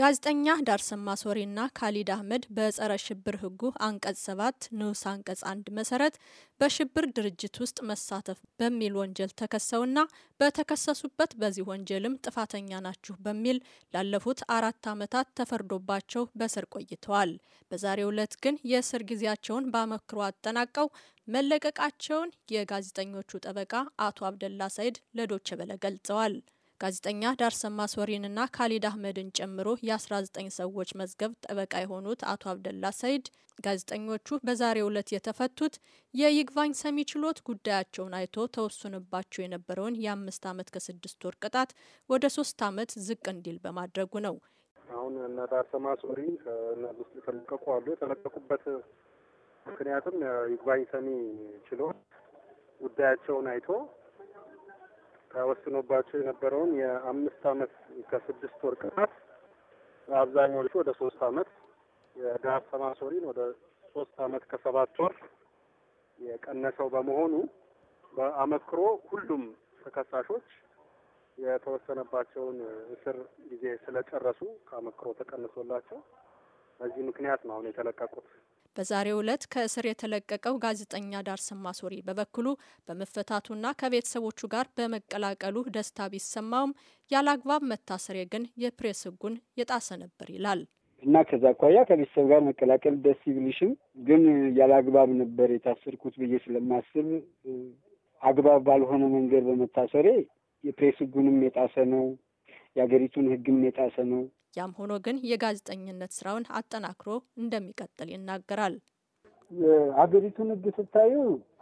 ጋዜጠኛ ዳርሰማ ሶሪና ካሊድ አህመድ በጸረ ሽብር ህጉ አንቀጽ ሰባት ንዑስ አንቀጽ አንድ መሰረት በሽብር ድርጅት ውስጥ መሳተፍ በሚል ወንጀል ተከሰውና በተከሰሱበት በዚህ ወንጀልም ጥፋተኛ ናችሁ በሚል ላለፉት አራት ዓመታት ተፈርዶባቸው በስር ቆይተዋል። በዛሬው ዕለት ግን የእስር ጊዜያቸውን በአመክሮ አጠናቀው መለቀቃቸውን የጋዜጠኞቹ ጠበቃ አቶ አብደላ ሳይድ ለዶቸበለ በለ ገልጸዋል። ጋዜጠኛ ዳርሰማ ሶሪንና ካሊድ አህመድን ጨምሮ የ19 ሰዎች መዝገብ ጠበቃ የሆኑት አቶ አብደላ ሰይድ ጋዜጠኞቹ በዛሬው ዕለት የተፈቱት የይግባኝ ሰሚ ችሎት ጉዳያቸውን አይቶ ተወስኖባቸው የነበረውን የአምስት ዓመት ከስድስት ወር ቅጣት ወደ ሶስት ዓመት ዝቅ እንዲል በማድረጉ ነው። አሁን እነ ዳርሰማ ሶሪ እነ የተለቀቁ አሉ። የተለቀቁበት ምክንያትም ይግባኝ ሰሚ ችሎት ጉዳያቸውን አይቶ ተወስኖባቸው የነበረውን የአምስት አመት ከስድስት ወር ቅጣት አብዛኞቹ ወደ ሶስት አመት የዳር ሰማሶሪን ወደ ሶስት አመት ከሰባት ወር የቀነሰው በመሆኑ በአመክሮ ሁሉም ተከሳሾች የተወሰነባቸውን እስር ጊዜ ስለጨረሱ ከአመክሮ ተቀንሶላቸው በዚህ ምክንያት ነው አሁን የተለቀቁት። በዛሬው ዕለት ከእስር የተለቀቀው ጋዜጠኛ ዳርሰማ ማሶሪ በበኩሉ በመፈታቱና ከቤተሰቦቹ ጋር በመቀላቀሉ ደስታ ቢሰማውም ያለአግባብ መታሰሬ ግን የፕሬስ ህጉን የጣሰ ነበር ይላል። እና ከዛ አኳያ ከቤተሰብ ጋር መቀላቀል ደስ ይብልሽም፣ ግን ያለአግባብ ነበር የታሰርኩት ብዬ ስለማስብ አግባብ ባልሆነ መንገድ በመታሰሬ የፕሬስ ህጉንም የጣሰ ነው የአገሪቱን ህግ የጣሰ ነው። ያም ሆኖ ግን የጋዜጠኝነት ስራውን አጠናክሮ እንደሚቀጥል ይናገራል። የሀገሪቱን ህግ ስታዩ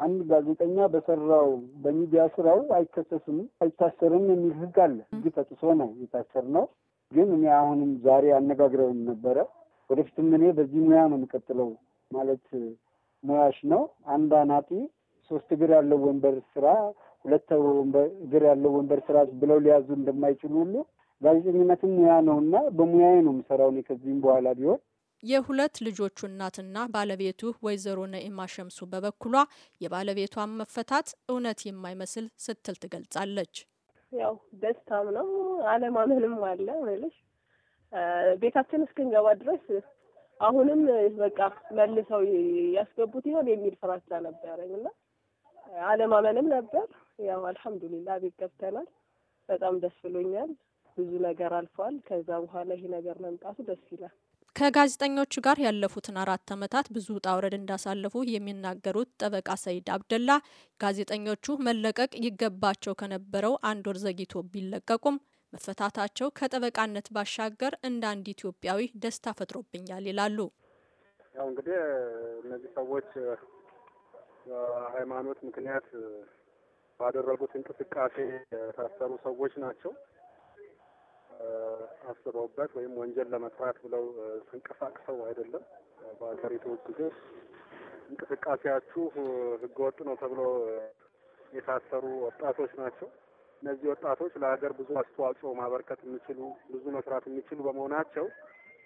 አንድ ጋዜጠኛ በሰራው በሚዲያ ስራው አይከሰስም፣ አይታሰርም የሚል ህግ አለ። ህግ ተጥሶ ነው የታሰር ነው። ግን እኔ አሁንም ዛሬ አነጋግረውን ነበረ። ወደፊትም እኔ በዚህ ሙያ ነው የምቀጥለው ማለት ሙያሽ ነው። አንድ አናጢ ሶስት እግር ያለው ወንበር ስራ ሁለት እግር ያለው ወንበር ስራ ብለው ሊያዙ እንደማይችሉ ሁሉ ጋዜጠኝነትም ሙያ ነውና በሙያዬ ነው የምሰራው እኔ ከዚህም በኋላ ቢሆን የሁለት ልጆቹ እናትና ባለቤቱ ወይዘሮ ነኢማ ሸምሱ በበኩሏ የባለቤቷን መፈታት እውነት የማይመስል ስትል ትገልጻለች። ያው ደስታም ነው አለማመንም አለ ልሽ ቤታችን እስክንገባ ድረስ አሁንም በቃ መልሰው ያስገቡት ይሆን የሚል ፍራቻ ነበረኝ እና አለማመንም ነበር። ያው አልሐምዱሊላ ቤት ገብተናል። በጣም ደስ ብሎኛል። ብዙ ነገር አልፈዋል። ከዛ በኋላ ይሄ ነገር መምጣቱ ደስ ይላል። ከጋዜጠኞቹ ጋር ያለፉትን አራት ዓመታት ብዙ ውጣ ውረድ እንዳሳለፉ የሚናገሩት ጠበቃ ሰይድ አብደላ ጋዜጠኞቹ መለቀቅ ይገባቸው ከነበረው አንድ ወር ዘግይቶ ቢለቀቁም መፈታታቸው ከጠበቃነት ባሻገር እንደ አንድ ኢትዮጵያዊ ደስታ ፈጥሮብኛል ይላሉ። ያው እንግዲህ እነዚህ ሰዎች በሃይማኖት ምክንያት ባደረጉት እንቅስቃሴ የታሰሩ ሰዎች ናቸው። አስበውበት ወይም ወንጀል ለመስራት ብለው ተንቀሳቅሰው አይደለም። በሀገሪቱ ጊዜ እንቅስቃሴያችሁ ህገወጥ ነው ተብሎ የታሰሩ ወጣቶች ናቸው። እነዚህ ወጣቶች ለሀገር ብዙ አስተዋጽኦ ማበርከት የሚችሉ ብዙ መስራት የሚችሉ በመሆናቸው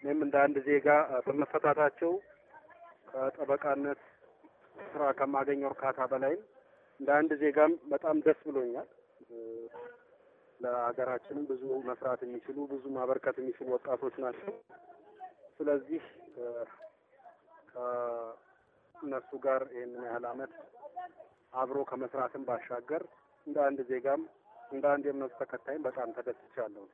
እኔም እንደ አንድ ዜጋ በመፈታታቸው ከጠበቃነት ስራ ከማገኘው እርካታ በላይም እንደ አንድ ዜጋም በጣም ደስ ብሎኛል። ለሀገራችን ብዙ መስራት የሚችሉ ብዙ ማበርከት የሚችሉ ወጣቶች ናቸው። ስለዚህ ከእነሱ ጋር ይህንን ያህል አመት አብሮ ከመስራትም ባሻገር እንደ አንድ ዜጋም እንደ አንድ የእምነቱ ተከታይም በጣም ተደስቻለሁ።